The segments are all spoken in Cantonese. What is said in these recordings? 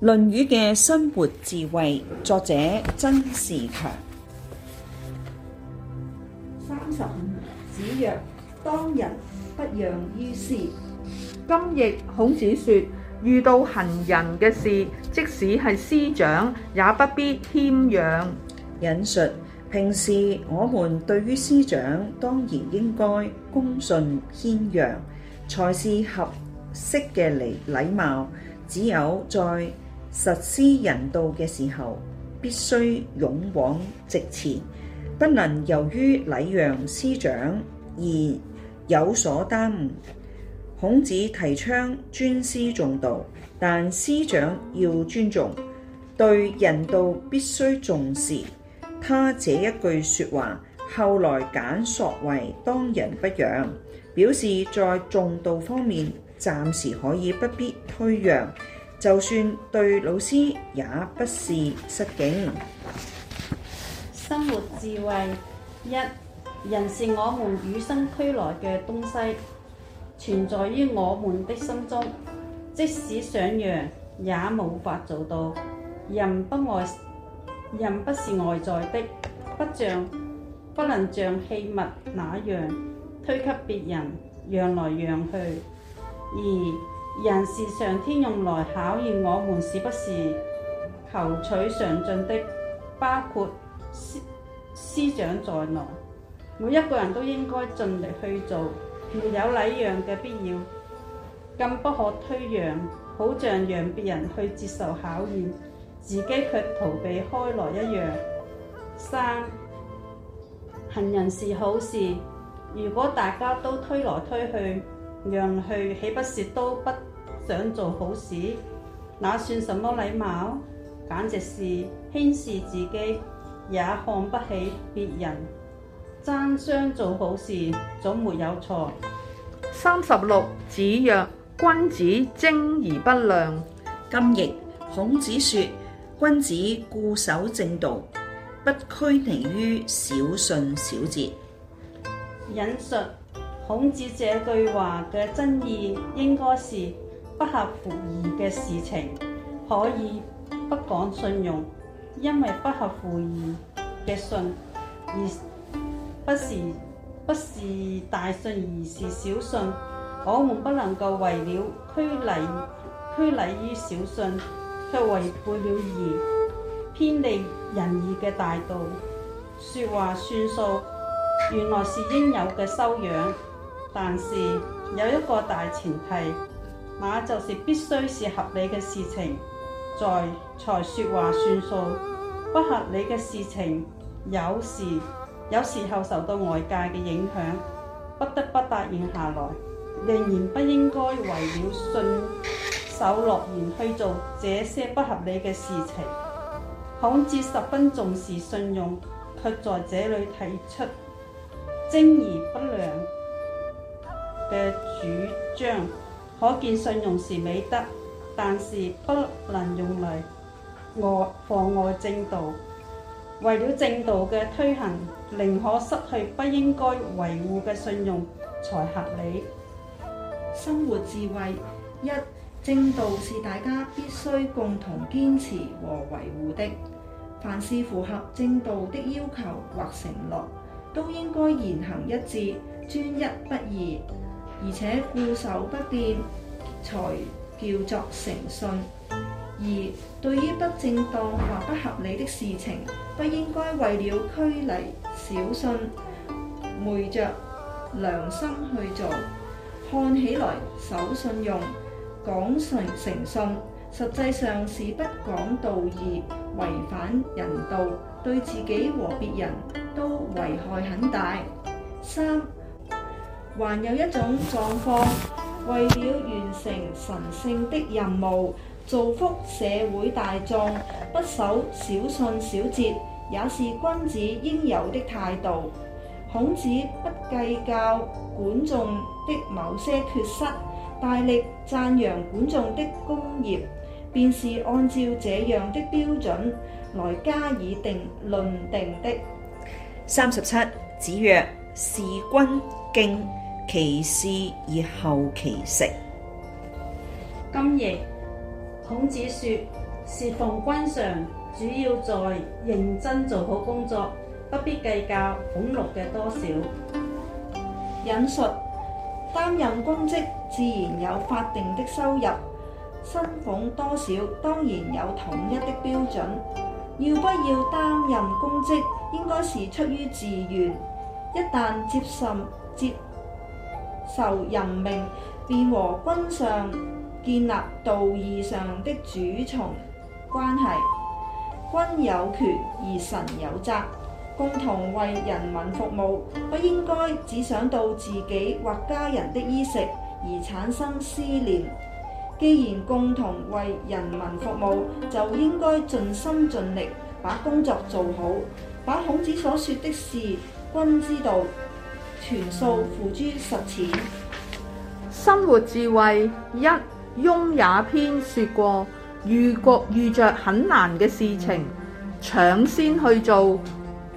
《論語》嘅生活智慧，作者曾仕強。三十五，子曰：當仁不讓於師。今譯，孔子說，遇到行仁嘅事，即使係師長，也不必謙讓。引述：平時我們對於師長，當然應該恭順謙讓，才是合適嘅禮禮貌。只有在實施仁道嘅時候，必須勇往直前，不能由於禮讓師長而有所耽誤。孔子提倡尊師重道，但師長要尊重，對仁道必須重視。他這一句説話，後來簡縮為「當仁不讓」，表示在重道方面，暫時可以不必推讓。就算對老師也不是失敬。生活智慧一，人是我們與生俱來嘅東西，存在於我們的心中，即使想讓也無法做到。人不外，人不是外在的，不像不能像器物那樣推給別人，讓來讓去。二仁是上天用來考驗我們是不是求取上進的，包括師師長在內，每一個人都應該盡力去做，沒有禮讓嘅必要，更不可推讓，好像讓別人去接受考驗，自己卻逃避開來一樣。三，行仁是好事，如果大家都推來推去，讓去豈不是都不想做好事？那算什麼禮貌？簡直是輕視自己，也看不起別人。爭相做好事，總沒有錯。三十六子曰：君子貞而不諒。今譯：孔子說，君子固守正道，不拘泥於小信小節。引述。孔子這句話嘅真意應該是不合乎義嘅事情可以不講信用，因為不合乎義嘅信，而不是不是大信，而是小信。我們不能夠為了拘泥拘泥於小信，卻違背了義，偏離仁義嘅大道。説話算數，原來是應有嘅修養。但是有一個大前提，那就是必須是合理嘅事情，在才說話算數，不合理嘅事情，有時有時候受到外界嘅影響，不得不答應下來，仍然不應該為了信守諾言去做這些不合理嘅事情。孔子十分重視信用，卻在這裏提出貞而不諒，嘅主張，可見信用是美德，但是不能用嚟礙妨礙正道。為了正道嘅推行，寧可失去不應該維護嘅信用才合理。生活智慧一，正道是大家必須共同堅持和維護的。凡是符合正道的要求或承諾，都應該言行一致、專一不二。而且固守不變才叫做誠信。而對於不正當或不合理的事情，不應該為了拘泥小信，昧着良心去做。看起來守信用、講誠誠信，實際上是不講道義、違反人道，對自己和別人都危害很大。三還有一種狀況，為了完成神聖的任務，造福社會大眾，不守小信小節，也是君子應有的態度。孔子不計較管仲的某些缺失，大力讚揚管仲的功業，便是按照這樣的標準來加以定論定的。三十七，子曰：事君敬。其事而後其食。今亦孔子說，侍奉君上，主要在認真做好工作，不必計較俸禄嘅多少。引述擔任公職自然有法定的收入，薪俸多少當然有統一的標準，要不要擔任公職應該是出於自願，一旦接受，接。受任命，便和君上建立道義上的主從關係。君有權而臣有責，共同為人民服務，不應該只想到自己或家人的衣食而產生思念。既然共同為人民服務，就應該盡心盡力把工作做好，把孔子所說的事君之道。全數付諸實踐。生活智慧一，《雍也》篇說過：遇國遇着很難嘅事情，搶先去做；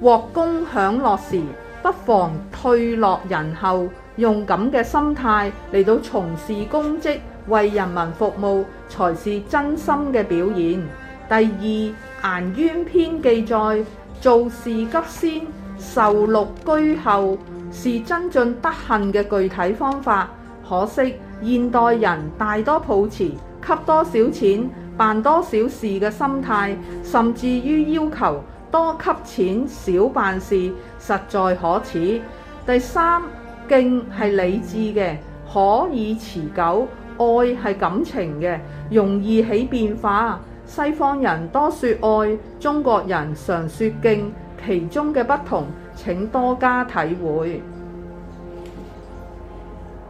獲功享樂時，不妨退落人後。用咁嘅心態嚟到從事公職，為人民服務，才是真心嘅表現。第二，《顏淵》篇記載：做事急先，受祿居後。是增進德行嘅具體方法，可惜現代人大多抱持給多少錢辦多少事嘅心態，甚至於要求多給錢少辦事，實在可恥。第三，敬係理智嘅，可以持久；愛係感情嘅，容易起變化。西方人多說愛，中國人常說敬，其中嘅不同。請多加體會。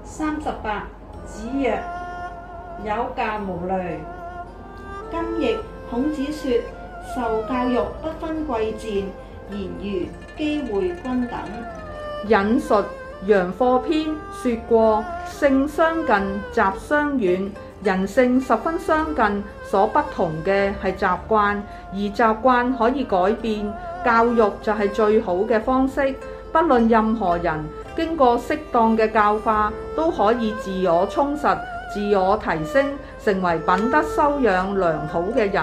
三十八，子曰：有教無類。今亦孔子說，受教育不分貴賤，言如機會均等。引述《陽貨篇》說過：性相近，習相遠。人性十分相近，所不同嘅係習慣，而習慣可以改變，教育就係最好嘅方式。不論任何人，經過適當嘅教化，都可以自我充實、自我提升，成為品德修養良好嘅人。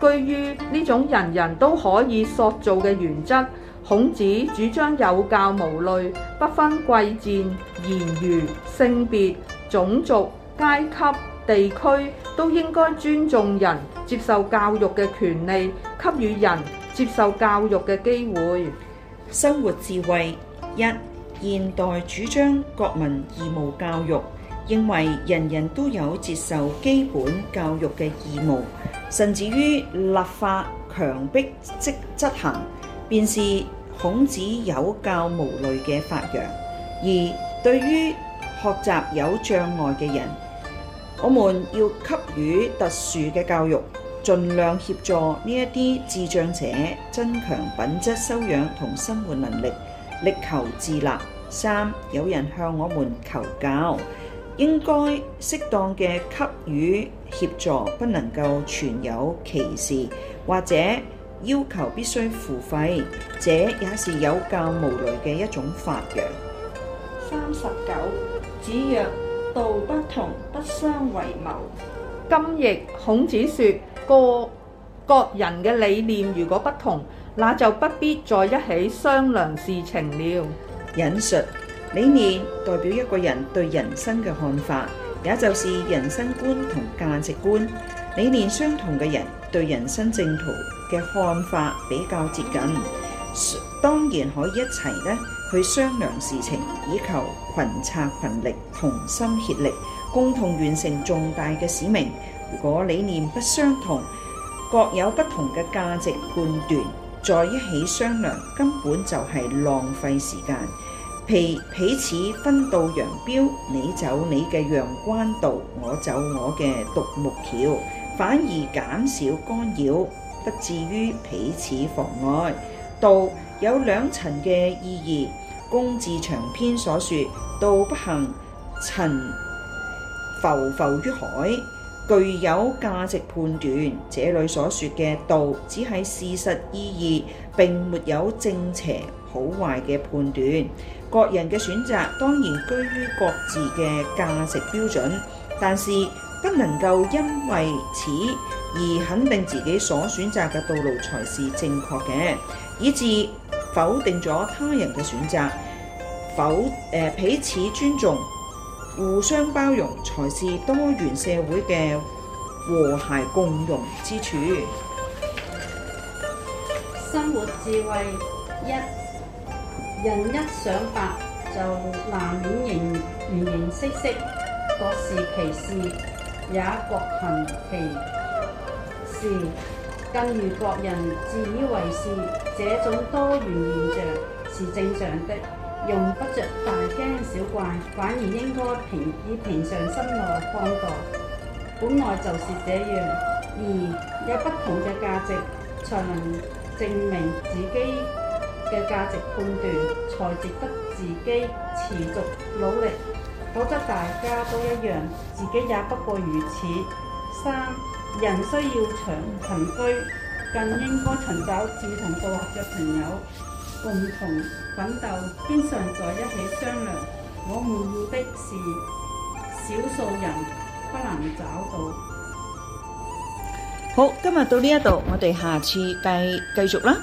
居於呢種人人都可以塑造嘅原則，孔子主張有教無類，不分貴賤、言語、性別、種族、階級。地區都應該尊重人接受教育嘅權利，給予人接受教育嘅機會。生活智慧一，現代主張國民義務教育，認為人人都有接受基本教育嘅義務，甚至於立法強迫即執行，便是孔子有教無類嘅發揚。二，對於學習有障礙嘅人。我們要給予特殊嘅教育，盡量協助呢一啲智障者增強品質修養同生活能力，力求自立。三有人向我們求教，應該適當嘅給予協助，不能夠存有歧視或者要求必須付費，這也是有教無類嘅一種發揚。三十九，子曰。道不同，不相為謀。今亦孔子說，各人嘅理念如果不同，那就不必再一起商量事情了。引述理念代表一個人對人生嘅看法，也就是人生觀同價值觀。理念相同嘅人對人生正途嘅看法比較接近，當然可以一齊咧。去商量事情，以求群策群力、同心協力，共同完成重大嘅使命。如果理念不相同，各有不同嘅價值判斷，在一起商量根本就係浪費時間，彼彼此分道揚鑣，你走你嘅陽關道，我走我嘅獨木橋，反而減少干擾，不至於彼此妨礙。到有兩層嘅意義，《公冶長篇》所說，道不行，乘桴浮於海，具有價值判斷。這裡所說嘅道，只係事實意義，並沒有正邪好壞嘅判斷。各人嘅選擇當然居於各自嘅價值標準，但是不能夠因為此而肯定自己所選擇嘅道路才是正確嘅。以致否定咗他人嘅選擇，否、呃、彼此尊重、互相包容，才是多元社會嘅和諧共融之處。生活智慧一，人一想法就難免形、形形色色，各是其事，也各行其事。更如各人自以為是，這種多元現象是正常的，用不着大驚小怪，反而應該平以平常心來看待，本來就是這樣。而有不同嘅價值，才能證明自己嘅價值判斷，才值得自己持續努力。否則大家都一樣，自己也不過如此。三人需要長群居，更應該尋找志同道合嘅朋友共同奮鬥，經常在一起商量。我們要的是少數人不能找到。好，今日到呢一度，我哋下次繼繼續啦。